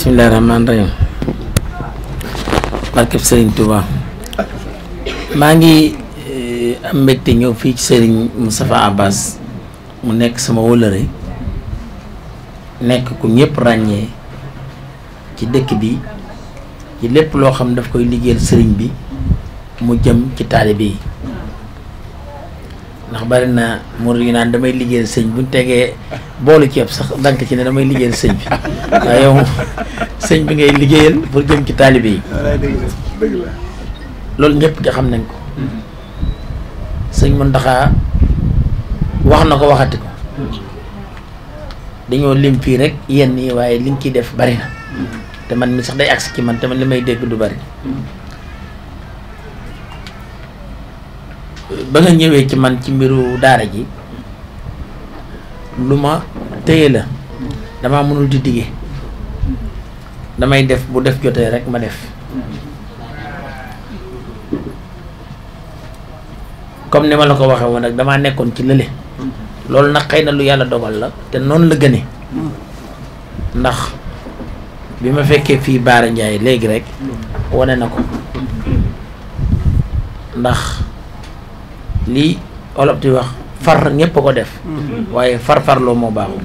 bismillaahi rahmaani rahiim barkeb maa ngi eh, am mbégte ñëw fii ci sëriñ Moustapha Abbas mu nekk sama wëllëre nekk ko ñépp ràññee ci dëkk bi ci lépp loo xam daf koy liggéeyal sëriñ bi mu jëm ci taalibe yi ndax bari na murid yi naan damay liggéeyal sëñ buñ tegee boolu ceeb sax dank ci ne damay liggéeyal sëñ bi waaye yow sëñ bi ngay liggéeyal pour jëm ci taalibe yi loolu ñëpp nga xam nañ ko sëñ Muntaxa wax na ko waxati ko dañoo lim fii rek yenn yi waaye liñ ciy def bari te man mi sax day agsi ci man te man li may dégg du bari ba nga ñëwee ci man ci mbiru daara ji lu ma téye la damaa mënul di dige damay def bu def jotee rek ma def comme ni ma la ko waxee woon nag damaa nekkoon ci lële loolu nag xëy na lu yàlla dogal la te noonu la gëne ndax bi ma fekkee fii Baara Ndiaye léegi rek wane na ko ndax lii olof ti wax far ñëpp a ko def mm-hmm. waaye farfarloo moo baaxul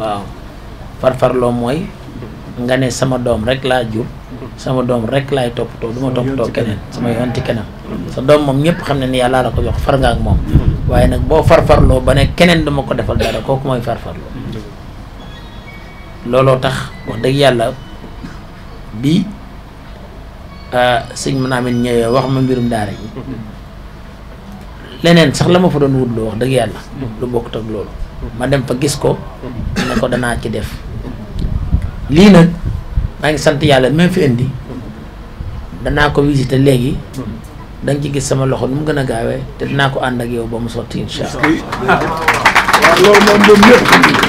waaw farfarloo mooy nga ne sama doom rek laa jur sama doom rek laay toppatoo du ma toppatoo keneen sama yoon ci keneen sa doom moom ñëpp xam ne ni yàlla la ko jox far nga ak moom mm-hmm. waaye nag boo farfarloo ba ne keneen duma ko defal dara kooku mooy far farfarloo looloo tax wax dëgg yàlla bi ah, sëñ mën naa ñëwee wax ma mbirum daara yi leneen sax la ma fa doon wut loo wax dëgg yàlla. lu bokkut ak loolu. ma dem fa gis ko. danaa ci def. lii nag maa ngi sant yàlla même fi indi. danaa ko visité léegi. da ci gis sama loxo nu mu gën a gaawee te dinaa ko ànd ak yow ba mu sotti incha allah. loolu moom moom ñëpp.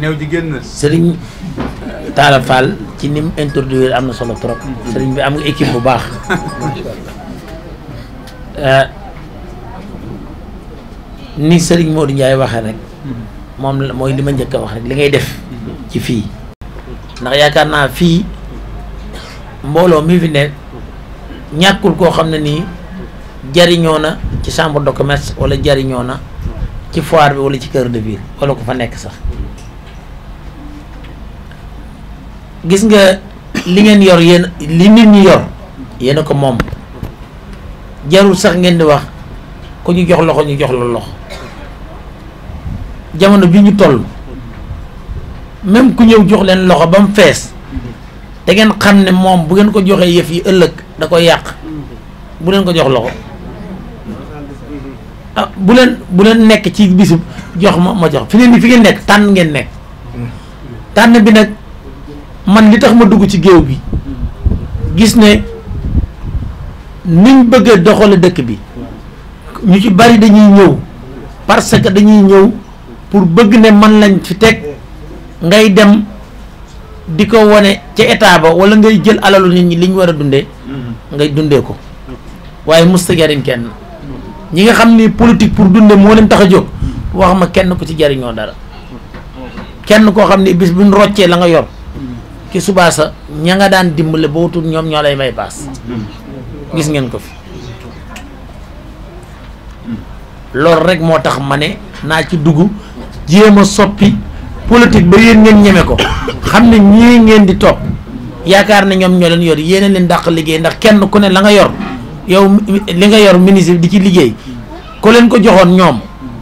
néew ji génn. sëriñ Talla ci ni mu introduire am na solo trop. sëriñ bi am nga équipe bu baax. Euh, ni Serigne Modou njaay waxee rek mm-hmm. moom la mooy li ma njëkk a wax rek li ngay def mm-hmm. ci fii ndax yaakaar naa fii mbooloo mi fi ne ñàkkul koo xam ne nii jariñoo na ci chambre de commerce wala jariñoo na ci foire bi wala ci cœur de ville wala ko fa nekk sax gis nga li ngeen yor yéen li nit ñi yor yéen a ko moom jarul sax ngeen di wax ku ñu jox loxo ñu jox la loxo jamono bi ñu toll même ku ñëw jox leen loxo ba mu fees da ngeen xam ne moom bu ngeen ko joxee yëf yi ëllëg da koy yàq bu leen ko jox loxo ah bu leen bu leen nekk ci bisub jox ma ma jox fi ngeen fi ngeen nekk tànn ngeen nekk tànn bi nag man li tax ma dugg ci géew bi gis ne. niñ bëggee doxale dëkk bi ñu ci bari dañuy ñëw parce que dañuy ñëw pour bëgg ne man lañ fi teg ngay dem di ko wane ca état ba wala ngay jël alalu nit ñi liñ war a dundee ngay dundee ko waaye musta jariñ kenn ñi nga xam ni politique pour dunde moo leen tax a jóg wax ma kenn ku ci jariñoo dara kenn koo xam ni bis buñ roccee la nga yor ki subaa sa ña nga daan dimbale ba wutul ñoom ñoo lay may baas gis ngeen ko fi loolu rek moo tax ma ne naa ci dugg jéem a soppi politique ba yéen ngeen ñeme ko xam ne ñii ngeen di topp yaakaar ne ñoom ñoo leen yor yéen leen dàq liggéey ndax kenn ku ne la nga yor yow li nga yor ministre di ci liggéey ko leen ko joxoon ñoom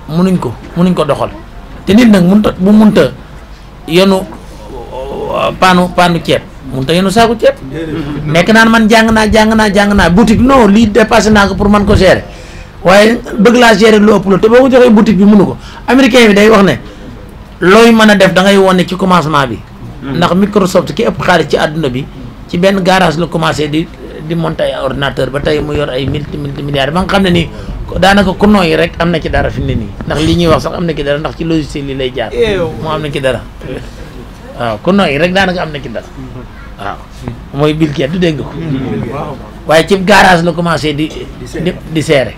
munuñ ko munuñ ko doxal te nit nag munta bu munta yenu paanu paanu ceeb mun ta yenu saaku ceeb nekk naan man jàng naa jàng naa jàng naa boutique noo lii dépassé naa ko pour man ko gérer waaye bëgg laa gérer lu ëpp la te boo ko joxee boutique bi mënu ko américain bi day wax ne looy mën a def da ngay wone ci commencement bi hmm. ndax Microsoft ki ëpp xaalis ci àdduna bi ci benn garage la commencé di di monter ay ordinateur ba tey mu yor ay multi multi milliards ba nga xam ne nii daanaka ku nooy rek am na ci dara fi mu ne nii ndax li ñuy wax sax am na ci ndax ci logiciel li lay jaar eh moo am na ci dara waaw ku nooy rek daanaka am na ci dara hmm. waaw mooy Bill Gates du dégg ko waaye ci garage la commencé di di seere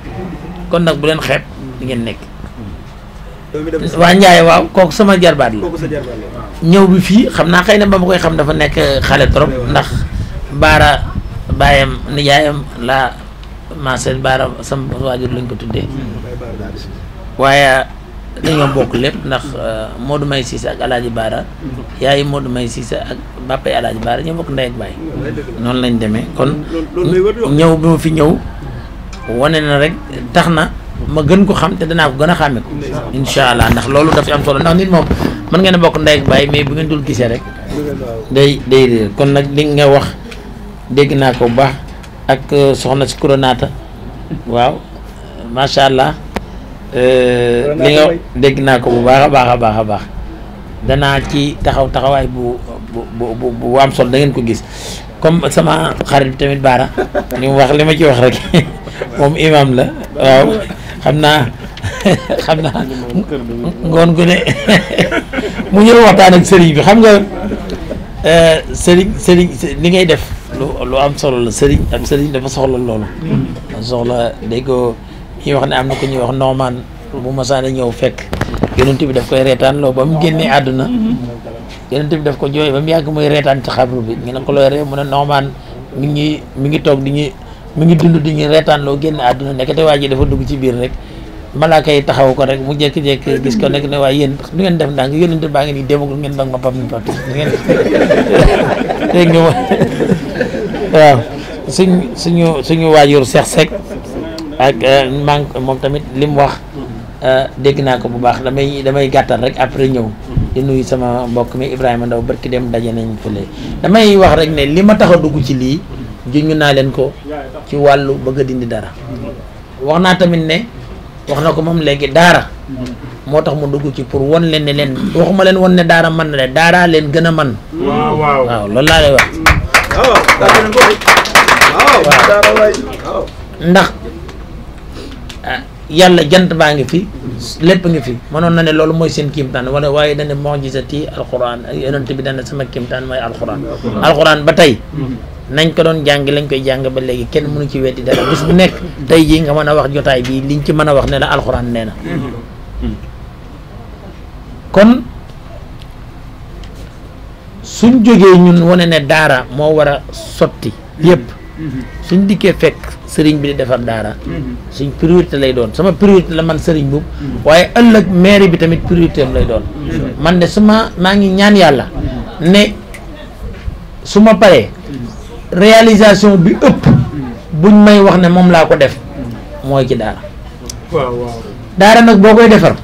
kon nag bu leen xeeb di ngeen nekk waa njaay waaw kook sama jarbaat la ñëw bi fii xam naa xëy na ba ma koy xam dafa nekk xale trop ndax baara baayam nijaayam laa maasee baara sama waajur lañ ko tuddee waaye dañoo bokk lépp ndax moo euh, Modou May Cissé ak Alaaji Baara moo du May Cissé ak bàppay Alaaji Baara ñoo bokk ndey ak baay noonu lañ demee kon ñëw bi ma fi ñëw wane na rek tax na ma gën ko xam te danaa ko gën a xàmmee ko incha allah ndax loolu daf ci am solo ndax nit moom mën ngeen bokk ndey ak baay mais bu ngeen dul gisee rek day day réer kon nag li nga wax dégg naa ko bu baax ak euh, soxna si Kuronaata waaw macha allah Euh, li nga dégg naa ko bu baax a baax a baax a baax danaa ci taxaw taxawaay bu bu bu bu am sol dangeen ko gis comme sama xarit bi tamit baara li mu wax li ma ci wax rek moom imam la waaw xam naa xam naa ngoon gu ne mu ñëw waxtaan ak sëriñ bi xam nga euh, sëriñ sëriñ li ngay def lu lu am solo la sëriñ ak sëriñ dafa soxla loolu mm-hmm. soxla day ñuy wax ne am na ko ñuy wax Norman bu masaana ñëw fekk yonent bi daf koy reetaan loo ba mu génnee àdduna yonent bi daf ko jooy ba mu yàgg muy reetaan ci xabru bi ñu ne ko looy ree mu ne Norman mi ngi ngi toog di ñuy mi ngi dund di ñuy reetaan loo génn àdduna nekk te waa ji dafa dugg ci biir rek malaaka yi taxaw ko rek mu jékki jekk gis ko nekk ne waaye yéen du ngeen def ndànk yonent baa ngeen di demagul ngeen bag ma pam ni pam ngeen dégg nga waaw suñ suñu suñu waajur seex seek ak euh, man moom tamit li mu wax mhm. euh, dégg naa ko bu baax damay damay gàttal rek après ñëw mhm. di nuyu sama mbokk mi Ibrahima Ndaw barki dem daje nañ fële damay wax rek ne li ma tax a dugg ci lii juñu naa leen ko ci wàllu bëgg a dindi dara wax naa tamit ne wax na ko moom léegi daara mhm. moo tax mu dugg ci pour won leen ne leen waxuma leen won ne daara man na leen daaraa leen gën a man waaw waaw laa lay wax ndax Ah, yàlla jant baa ngi fi lépp ngi fi mënoon na ne loolu mooy seen kiimtaan wala waaye dane mojisati alquran yonent bi dane sama kiimtaan mooy alquran alquran ba tey nañ ko doon jàng lañ koy jàng ba léegi kenn mënu ci weddi dara bis bu nekk tey jii nga mën a wax jotaay bi liñ ci mën a wax ne la alxuraan nee na kon suñ jógee ñun wone ne daara moo war a sotti yépp Mm-hmm. suñ dikkee fekk sëriñ bi di defar daara mm-hmm. suñ priorité lay doon sama priorité la man sëriñ boobu mm-hmm. waaye ëllëg mairie bi tamit priorité am lay doon man de su ma maa ngi ñaan yàlla ne su ma paree réalisation bi ëpp buñ may wax ne moom laa ko def mooy ci daara daara nag boo koy defar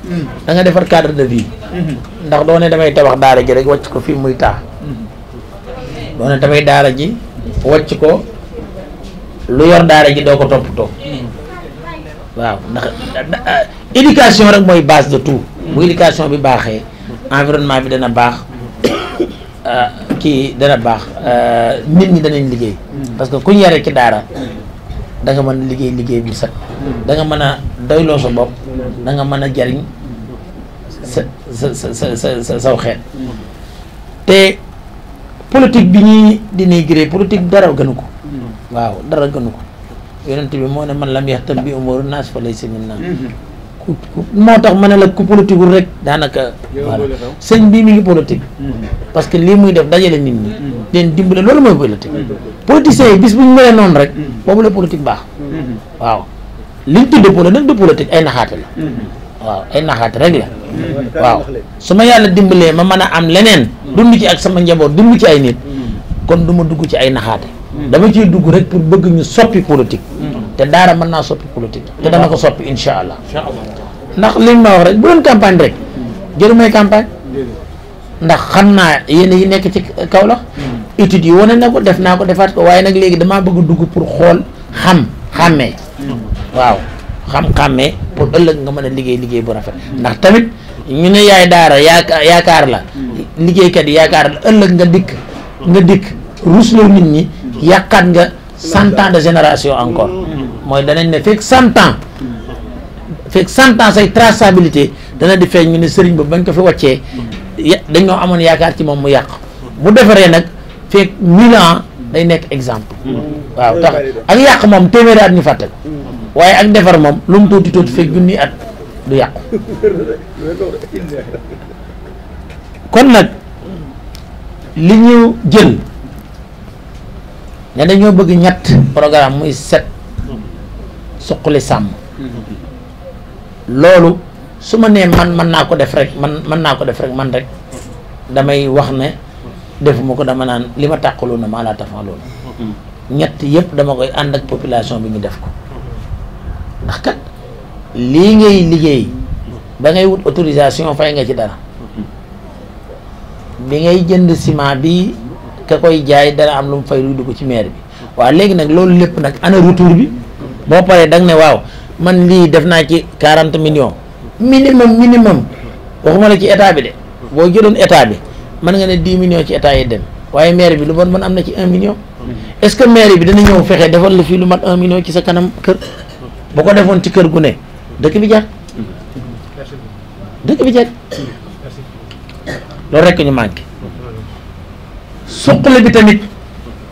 danga defar cadre de vie ndax doo ne damay tabax daara ji rek wàcc ko fii muy taax doo ne damay daara ji wàcc ko lu yor daara ji doo ko toppatoo waaw ndax éducation rek mooy base de tout mm. bu éducation bi baaxee environnement bi dana baax ki dana baax euh, nit ñi danañ liggéey mm. parce que ku ñu yare ci daara da nga mën liggéey liggéey bi sax mm. da nga mën a doyloo sa bopp danga mën a jariñ sa sa sa sa sa saw xeet te politique bi ñuy dinañ gré politique dara gënu ko waaw dara gënu ko yonent bi moo ne man lam yaxtam bi umuru naas fa laysa minna mhm. ku moo tax ma ne la ku politique rek daanaka voilà sëñ bii mi ngi politique mhm. parce que lii muy def dajale nit nii leen mhm. dimbale loolu mooy politique politiciens yi bis bu ñu noonu rek boobu la politique baax waaw liñ tudde polo nag du politique ay naxaate la waaw ay naxaate rek la waaw su ma yàlla dimbalee ma mën a am leneen dund ci ak sama njaboot dund ci ay nit kon du ma dugg ci ay naxaate dama ciy dugg rek pour bëgg ñu soppi politique mm. te daara man naa soppi politique te dana ko soppi incha allah ndax liñ ma wax rek bu doon campagne rek mm. jëru may campagne ndax xam naa yéen yi nekk ci Kaolack mm. études yi wane na ko def naa ko defaat ko waaye nag léegi damaa bëgg dugg pour xool xam xàmmee waaw xam-xàmmee pour ëllëg nga mën a liggéey liggéey bu rafet ndax tamit ñu ne yaay daara yaaka yaakaar la liggéeykat yi yaakaar la ëllëg nga dikk nga dikk yàqaat nga cent ans de génération encore mooy danañ ne fekk cent ans fekk cent ans say traçabilité dana di feeñ ñu ne sëriñ ba bañ ko fi dañ dañoo amoon yaakaar ci moom mu yàq bu defaree nag fekk mille ans day nekk exemple waaw tax ak yàq moom téeméeri at ñu fàtte ko waaye ak defar moom lu mu tuuti tuuti fekk junni at du yàqu kon nag li ñu jël ne dañoo bëgg ñett programme muy set suqali sàmm loolu su ma nee man mën naa ko def rek man mën naa ko def rek man rek damay wax ne defuma ko dama naan li ma tàqaloo na maa laa tafan loolu ñett yëpp dama koy ànd ak population bi ñu def ko ndax kat lii ngay liggéey ba ngay wut autorisation fay nga ci dara bi ngay jënd ciment bi ka koy jaay dana am lu mu fay luy dugg ci maire bi waaw léegi nag loolu lépp nag ana retour bi boo paree da ne waaw man lii def naa ci quarante millions minimum minimum waxuma la ci état bi de boo jëloon état bi mën nga ne dix millions ci état yi dem waaye maire bi lu bon bon am na ci un million est-ce que maire bi dana ñëw fexe defal la fii lu mat un million ci sa kanam kër boo ko defoon ci kër gu ne dëkk bi jag dëkk bi jag loolu rekk ñu manqué suqali bi tamit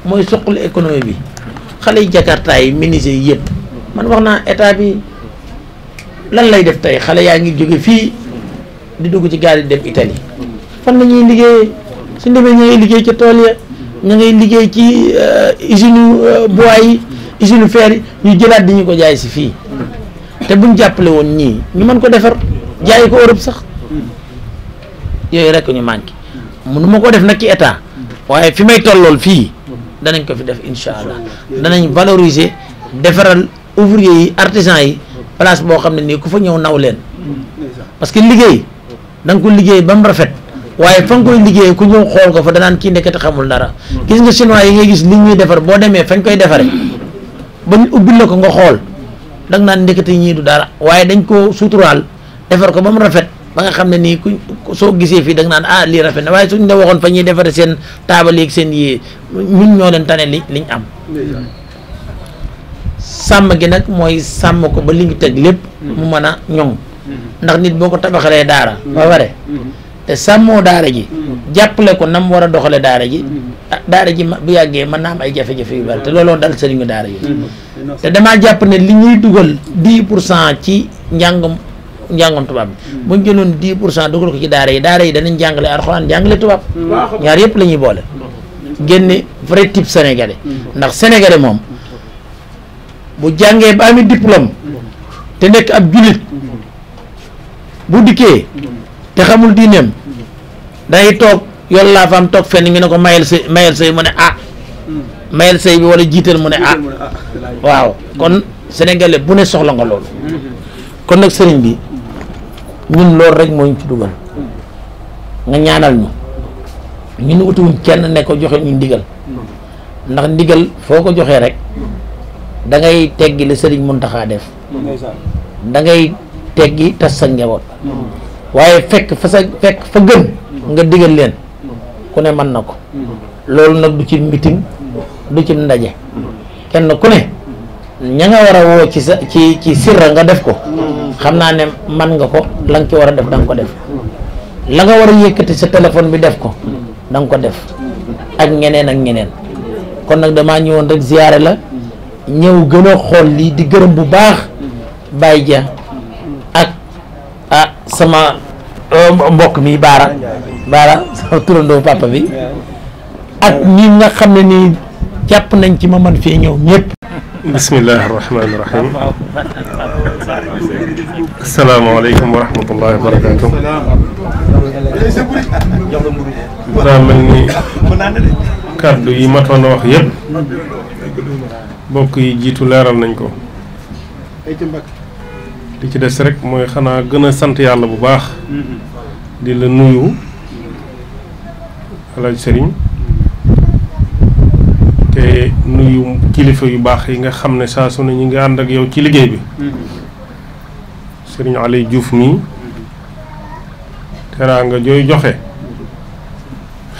mooy suqali économie bi xale yi jakarta yi menuisier yi yëpp man wax naa état bi lan lay def tey xale yaa ngi jóge fii di dugg ci gaal yi dem Italie fan la ñuy liggéeyee su demee ña ngay liggéey ci tool ya ña ngay liggéey ci euh, usine euh, bois yi usine fer yi ñu jëlaat di ñu ko jaay si fii te buñ jàppale woon ñii ñu mën ko defar jaay ko Europe sax yooyu rek ñu manqué mënu ma ko def nag ci état waaye fi may tollool fii mm-hmm. danañ ko fi def incha allah danañ valoriser defaral ouvrier yi artisan yi place boo xam ne nii ku fa ñëw naw leen mm-hmm. parce que liggéey da ko liggéey ba mu rafet waaye fa nga koy liggéey ku ñëw xool ko fa danaan kii nekkati xamul dara mm-hmm. gis nga chinois yi ngay gis li ñuy defar boo demee fañ koy defare bañ ubbi la ko nga xool danga naan ndekete ñii du dara waaye dañ koo suturaal defar ko ba mu rafet ba nga xam ne nii ku soo gisee fii da nga naan ah lii rafet na waaye suñ ne waxoon fa ñuy defaree seen taabal yeeg seen yii mu ñoo leen tane li ñu am. sàmm gi nag mooy sàmm ko ba li ñu teg lépp. Mm-hmm. mu mën a ñoŋ. Mm-hmm. ndax nit boo ko tabaxalee daara. Mm-hmm. ba pare te sàmmoo daara ji. jàppale ko nam war a doxalee daara ji. ah daara ji bu yàggee mën naa am ay jafe-jafe yu bari te looloo dal sëriñu daara yi. te damaa jàpp ne li ñuy dugal 10 pour cent ci njàngam. njàngum tubaab bi buñ jëloon 10 pour cent dugal ko ci daara yi daara yi danañ jàngale alxuraan jàngale tubaab ñaar yëpp lañuy boole génne vrai type sénégalais ndax sénégalais moom bu jàngee ba ami diplôme te nekk ab jullit bu dikkee te xamul diineem day toog yoon laa faam toog fenn ñu ne ko mayel sëy mayel sëy mu ne ah mayel sëy bi wala ah. jiital mu ne ah waaw kon sénégalais bu ne soxla nga loolu kon nag sëriñ bi ñun loolu rek moo ñu ci dugal nga ñaanal ñu ñun utiwuñ kenn ne ko joxe ñu ndigal ndax ndigal foo ko joxee rek dangay ngay teggi li sëriñ Muntaxa def da ngay teggi tas sa njaboot waaye fekk fa sa fekk fa gën nga digal leen ku ne mën na ko loolu nag du ci meeting du ci ndaje kenn ku ne ña nga war a woo ci sa ci ci sirra nga def ko xam naa ne man nga ko la nga ci war a def da ko def la nga war a yëkkati sa téléphone bi def ko danga ko def ak ñeneen ak ñeneen kon nag damaa ñëwoon rek ziyaare la ñëw gën a xool lii di gërëm bu baax Baye Dia ak ah, sama euh, mbokk mi Baara Baara sama turandoo papa nga xam ne ni jàpp nañ ci ma man fii ñëw ñëpp bismillahi irrahmani irahim asalaamaaleykum wa rahmatullahi wa barakatuh ni kàddu yi matoon a wax yëpp bokk yi jiitu leeral nañ ko li ci des rek mooy xanaa gën a sant yàlla bu baax di la nuyu alaaj sëriñ kilifa yu baax yi nga xam ne saa su ne ñu ngi ànd ak yow ci liggéey bi mm-hmm. sëriñ Aliou Diouf mii teraanga jooy joxe mm-hmm.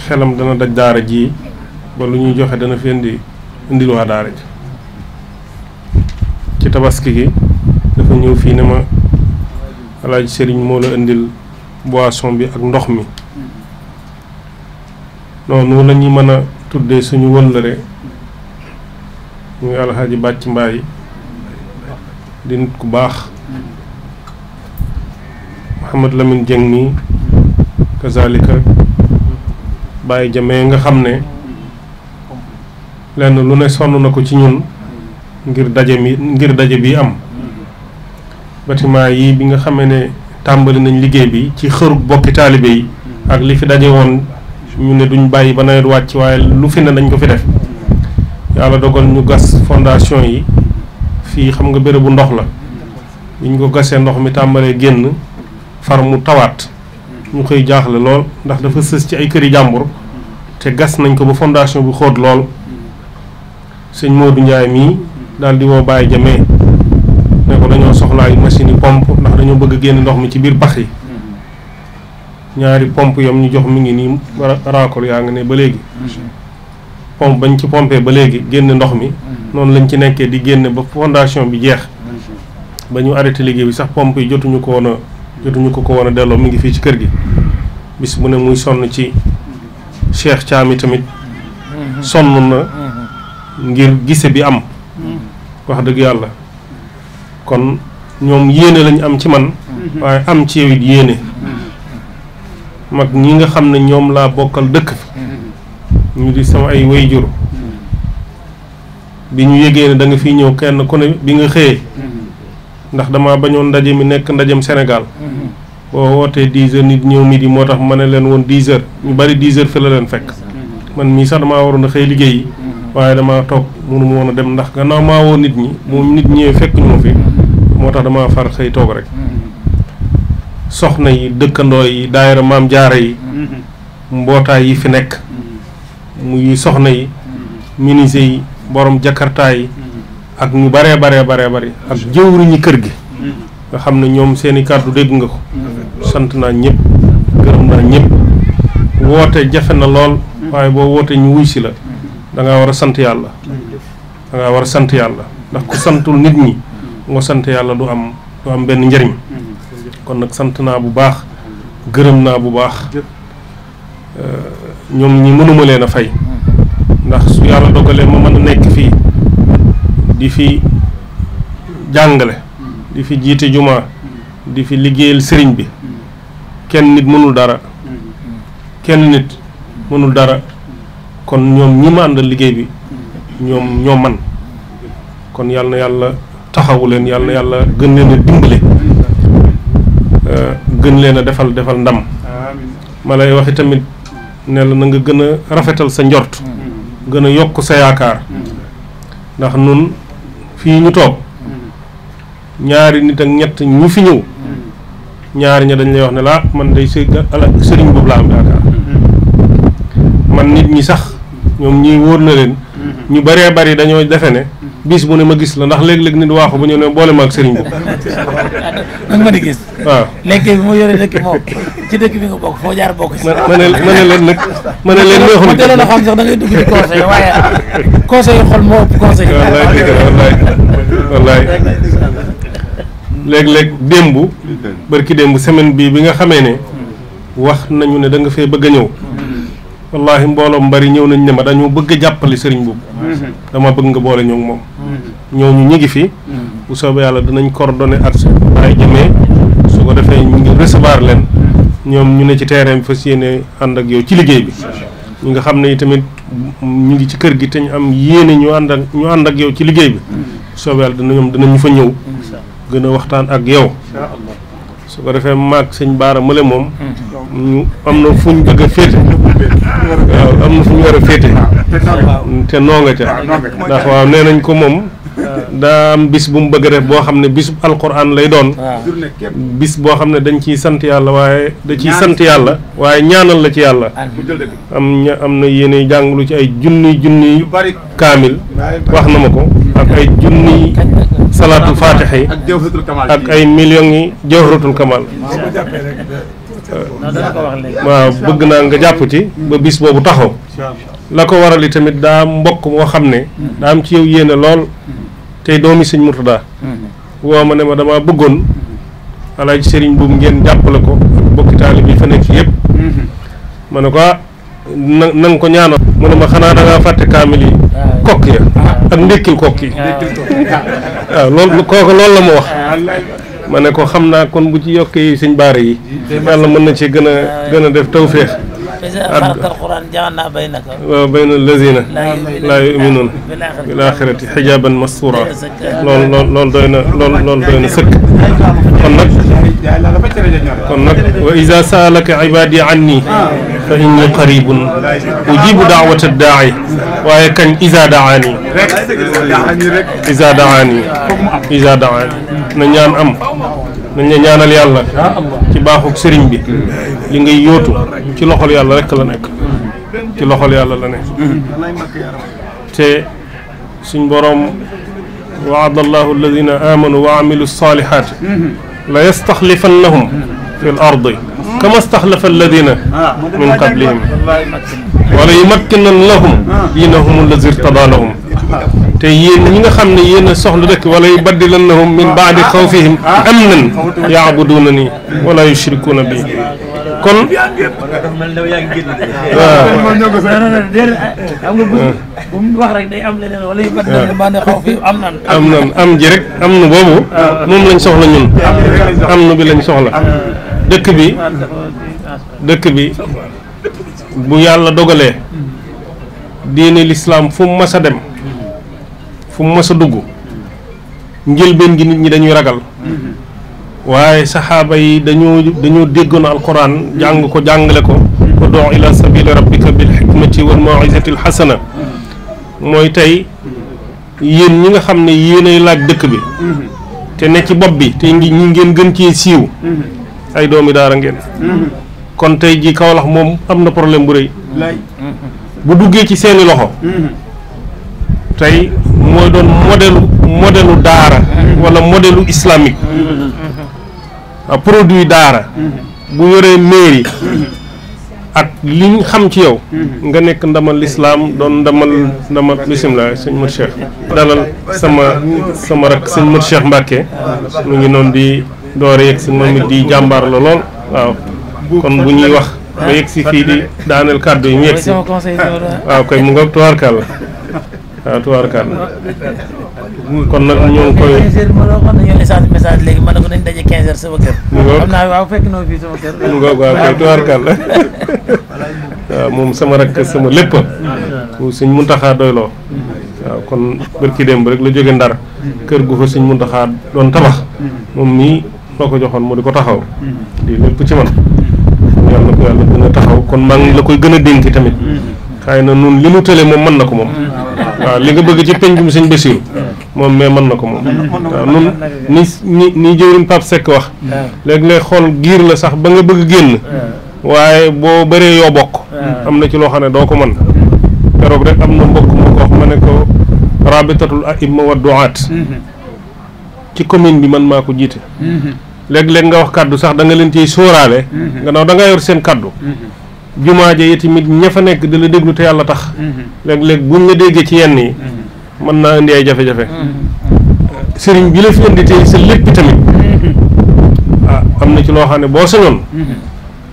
xelam dana daj daara ji ba lu ñuy joxe dana fi indi indil waa daara ji ci tabaski gi dafa ñëw fii ne ma alaaj sëriñ moo la indil boisson bi ak ndox mi mm-hmm. noonu la ñuy mën a tuddee suñu wëllëre muy alxaaji bàcc mbaay di nit ku baax Mouhamad Lamine Dieng nii kazalika bàyyi jamee nga xam ne lenn lu ne sonn na ko ci ñun ngir daje mi ngir daje bi am bâtiment yi bi nga xamee ne tàmbali nañ liggéey bi ci xëru bokki taalibe yi ak li fi daje woon ñu ne duñ bàyyi ba nawet wàcc waaye lu fi ne dañ ko fi def yàlla dogal ñu gas fondation yi fii xam nga bérébu ndox la bi ñu ko gasee ndox mi tàmbalee génn far mu tawaat ñu koy jaaxle lool ndax dafa sës ci ay këri jàmbur te gas nañ ko ba fondation bu xóot lool moo du njaay mii daal di woo Baye Jamee ne ko dañoo soxlaay machine yi pompe ndax dañoo bëgg génn ndox mi ci biir bax yi ñaari pompe yam ñu jox mi ngi nii raakol yaa ngi ne ba léegi pompe bañ ci pompé ba léegi génn ndox mi mm. noonu lañ ci nekkee di génn ba fondation bi jeex ba ñu arrêté liggéey bi sax pompe yi jotuñu ko woon jotuñu ko ko woon delloo mi ngi fii ci kër gi bis bu ne muy sonn ci Cheikh Thiam tamit mm-hmm. sonn na mm-hmm. ngir gise bi am mm-hmm. wax dëgg yàlla kon ñoom yéene lañ am ci man waaye am ci yow yéene mag ñi nga xam ne ñoom laa bokkal dëkk ñu di sama ay wayjur bi ñu yégee ne danga fi ñëw kenn ku ne bi nga xëyee ndax damaa bañoon ndaje mi nekk ndajem Sénégal boo wootee dix heures nit ñëw mii di moo tax ma ne leen woon dix heures ñu bari dix heures fi la leen fekk man mii sax damaa waroon a xëy liggéey yi waaye damaa toog mënu woon a dem ndax gannaaw maa woo nit ñi moom nit ñëwee fekk ñu ma fi moo tax damaa far xëy toog rek soxna yi dëkkandoo yi daayira maam jaara yi mbootaay yi fi nekk muy soxna yi minise yi borom jakarta yi ak ñu baree baree baree bari ak jëwriñu kër gi nga xam ne ñoom seeni kàddu dégg nga ko sant naa ñëpp gërëm naa ñëpp woote jafe na lool waaye boo woote ñu wuy si la da ngaa war a sant yàlla da war a sant yàlla ndax ku santul nit ñi nga sant yàlla du am am benn njëriñ kon nag sant naa bu baax gërëm naa bu baax ñoom ñi mënuma leen a fay ndax su yàlla dogalee ma man a nekk fii di fi jàngale di fi jiite jumaa di fi liggéeyal sëriñ bi kenn nit mënul dara kenn nit mënul dara kon ñoom ñi ma àndal liggéey bi ñoom ñoo man kon yàlla na yàlla taxawu leen yàlla yàlla gën leen a dimbale euh, gën leen a defal defal ndam ma lay waxi tamit ne la na nga gën a rafetal sa njort mm. gën a yokk sa yaakaar mm. ndax nun fii ñu toog mm. ñaari nit ak ñett ñu fi ñëw ñaari ña dañ lay wax ne laa man day sëriñ boobu laa am yaakaar man nit ñi sax ñoom ñuy wóor na leen ñu baree bari dañoo defe ne bis bu ne ma gis la ndax léeg-léeg nit waaxu ba ñu ne boole ma ak sëriñ bi. nag ma di gis. waaw léegi bi mu yore ci dëkk bi nga jaar bokk ma ne ma leen nag. ma ne leen neexul ma delloo la sax da ngay dugg ci léeg-léeg démb. barki démb semaine bii bi nga xamee ne. Hmm. wax nañu ne da nga fee bëgg a ñëw. wallahi mbooloo mu bari ñëw nañ ne ma dañoo bëgg a jàppale sëriñ boobu mhm. dama bëgg nga boole ñoo ngi moom mhm. ñooñu ñu ngi fi mhm. bu soobee yàlla dinañ coordonné ak ay jëmee ko defee leen ñoom ñu ne ci terrain bi fas yéene ànd ak yow ci liggéey bi nga xam ne tamit ñu ngi ci kër gi te am yéene ñu ànd ak ñu ak yow ci liggéey bi soobee yàlla dina ñoom dinañu fa ñëw gën a waxtaan ak yow su ko defee maag sëñ baara mële moom ñu am na fuñ bëgg a féete waaw am na fu ñu war a féete ah, te ah, ah, noo nga ca ndax waaw nee nañ ko moom daa am bis bu mu bëgg a def boo xam ne bisub alquran lay doon bis boo xam ne dañ ciy sant yàlla waaye da ci sant yàlla waaye ñaanal la ci yàlla am ña am na yéene jàngulu ci ay junni junni kaamil wax na ma ko ak ay junni salaatul faatiha yi ak ay millions yi jawharatul kamal Euh, waaw bëgg naa nga jàpp ci ba bis boobu taxaw la ko waral i tamit daa mbokk moo xam ne daa am ci yow yéene lool tey doomi sëñ Murtada woo ma ne ma damaa bëggoon alaaji sëriñ buum ngeen jàppale ko bokki taalib yi fa nekk yépp ma ne ko ah, na na ko ñaanal mu ma xanaa da ngaa fàtte kaamil yi kokk ya ak ndékkil kokk yi waaw loolu kooku loolu la ma wax ma ne ko xam naa kon bu ci yokkee sëñ baara yi yàlla mën na ci gën a gën a def tawféex waaw na lazina laa yuminuun bil axirati xijaaban mastura loolu na loolu loolu doy na sëkk kon nag kon nag wa ida saalaka ibaadi anni fa inni qaribun ujibu daawata daai waaye kañ isa na ñaan am nañ la ñaanal yàlla ci baaxuk sëriñ bi li ngay yóotu ci loxol yàlla rek la nekk ci loxol yàlla la nekk te suñ boroom waada allahu alladina amanu wa amilu salihaati la yastaxlifannahum fi l ardi kama staxlafa alladina min qablihim wala yumakkinan lahum diinahum allazi irtadaa lahum te yéen ñi nga xam ne yéen a soxla dëkk wala yubaddilannahum min baadi xawfihim amnan yaabuduuna nii bi am nan lañ soxla ñun na lañ soxla dëkk bi bi bu yàlla dogalee diine lislaam fu mu mas dem fu mu a dugg njëlbeen gi nit ñi dañuy ragal waaye saxaaba yi dañoo dañoo déggoon alquran jàng ko jàngale ko udoo ila sabili rabbika bil xikmati wal mawizati alxasana mooy tey yéen ñi nga xam ne yéenay laaj dëkk bi te ne ci bopp bi te ngi ñi ngeen gën ci siiw ay doomi daara ngeen kon tey ji Kawlax moom am na problème bu rëy bu duggee ci seeni loxo tey mooy doon modèle modèle daara wala modèle islamique mm-hmm. ah, produit daara mm-hmm. bu yoree mairie ak li ñu xam ci yow mm-hmm. nga nekk ndamal lislaam doon ndamal ndamal bisimilah sëñ Mat Cheikh dalal sama sama rak sëñ Mat Cheikh Mbacke mu ngi noonu di doore yegg si moom it di jàmbaar la lool waaw kon bu ñuy wax ba yegg si fii di daaneel kàddu yi ñu yegg waaw koy mu nga tubaarkàlla ah tubaarkàlla kon nag ñoo ko dañoo échange message léegi ma sama kër. mu ngoog waaw fekk na mu ngoog waaw kay tubaarkàlla moom sama rakk sama lépp. waaw suñ muntaxaa doyloo. waaw kon barki démb rek la jóge ndar. kër gu fa suñ muntaxaa doon tabax. moom mii loo ko joxoon moo di ko taxaw. di lépp ci man. yàlla ko yàlla gën a taxaw kon maa ngi la koy gën a dénk tamit. Mm-hmm. xëy na nun li nu tële moom mën na ko moom. Mm-hmm. waaw li nga bëgg ci pencum sëñ Bassirou moom mais mën na ko moom waaw nun ni ni ni jëwriñ Pape Seck wax léeg-léeg xool giir la sax ba nga bëgg génn waaye boo bëree yoo bokk am na ci loo xam ne doo ko mën keroog rek am na mbokk mu ma ne ko rabitatul aima wa duaat mm-hmm. ci commune bi man maa ko jiite mm-hmm. léeg-léeg nga wax kàddu sax danga leen ciy sóoraale nga naw da nga mm-hmm. yor seen kàddu jumaa ja tamit ña fa nekk di déglu te yàlla tax mm-hmm. léeg-léeg buñ la déggee ci yenn yi mm-hmm. mën naa indi ay jafe-jafe mm-hmm. sëriñ bi la fi indi tey sa lépp tamit ah am na ci loo xam ne boo sañoon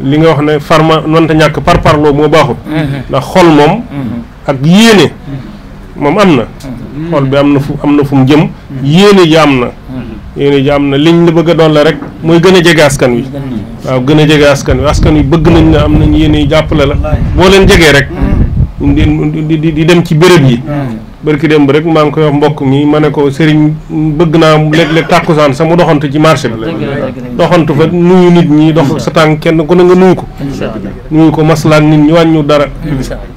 li nga wax ne farma nonte ñàkk par parloo moo baaxut ndax xol moom ak yéene moom am na xol bi am na fu am na fu mu jëm yéene ji am na yéene ji am na liñ la bëgg a doon la rek mooy gën a jege askan wi waaw gën a jege askan wi askan wi bëgg nañ ne am nañ yéene jàppale la boo leen jegee rek hmm. di di dem ci béréb yi hmm. barki dem rek maa ngi ko wax mbokk mi ma ne ko sëriñ bëgg naa léeg-léeg tàkkusaan sama mu doxantu ci marché bi doxantu fa nuyu nit ñi dox sa tànk kenn ku ne nga nuyu ko nuyu ko maslaak nit ñi wàññu dara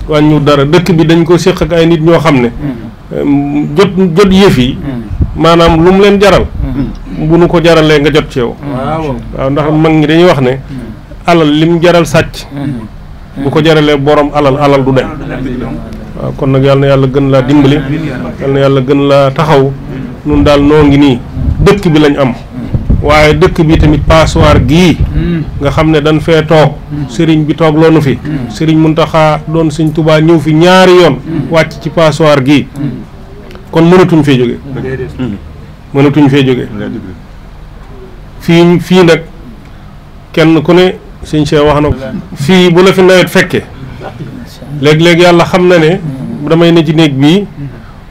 wàññu dara dëkk bi dañ ko séq ak ay nit ñoo xam ne hmm. jot jot yëf yi maanaam lu mu leen jaral bu nu ko jaralee nga jot ci yow. waaw ndax mag ñi dañuy wax ne. alal lim jaral sàcc. bu ko jaralee borom alal alal du dem. waaw kon nag yal na yàlla gën laa dimbali. yal yàlla gën laa taxaw. nun daal noo ngi nii dëkk bi lañ am. waaye dëkk bi tamit passoir gii nga xam ne dañ fee toog sëriñ bi toog loonu fi sëriñ Muntaxa doon sëñ Tubaa ñëw fi ñaari yoon wàcc ci paasoir gii kon mënatuñ fee jóge mënatuñ fee jóge fii fii nag kenn ku ne suñ see wax na fii bu la fi nawet fekke léeg-léeg yàlla xam na ne damay ne ci néeg bii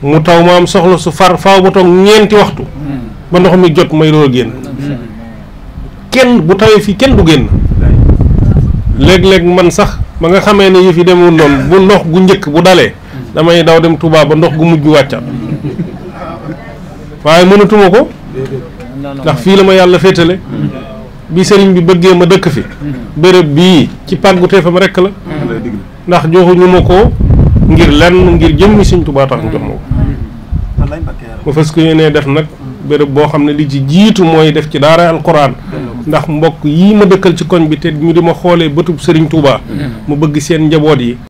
mu taw ma am soxla su far faaw ba toog ñeenti waxtu ba ndox mi jot may door a génn kenn bu tawee fii kenn du génn léeg-léeg man sax ba nga xamee ne yëf yi demul doon bu ndox gu njëkk bu dalee damay daw dem tubaab ba ndox gu mujj wàccaat waaye mënatuma ko ndax fii la ma yàlla féetale mm-hmm. bi sëriñ bi bëggee ma dëkk fi mm-hmm. bërëb bii ci pàggu teefam rekk la ndax joxuñu ma ko ngir lenn ngir jëmmi Sëriñ Tuubaa tax ñu jox ma ko ma fas ko yéenee def nag bërëb boo xam ne li ci jiitu mooy def ci daara alquran ndax mbokk yii ma dëkkal ci koñ bi te ñu di ma xoolee bëtub sëriñ Touba. Mm-hmm. mu bëgg seen njaboot yi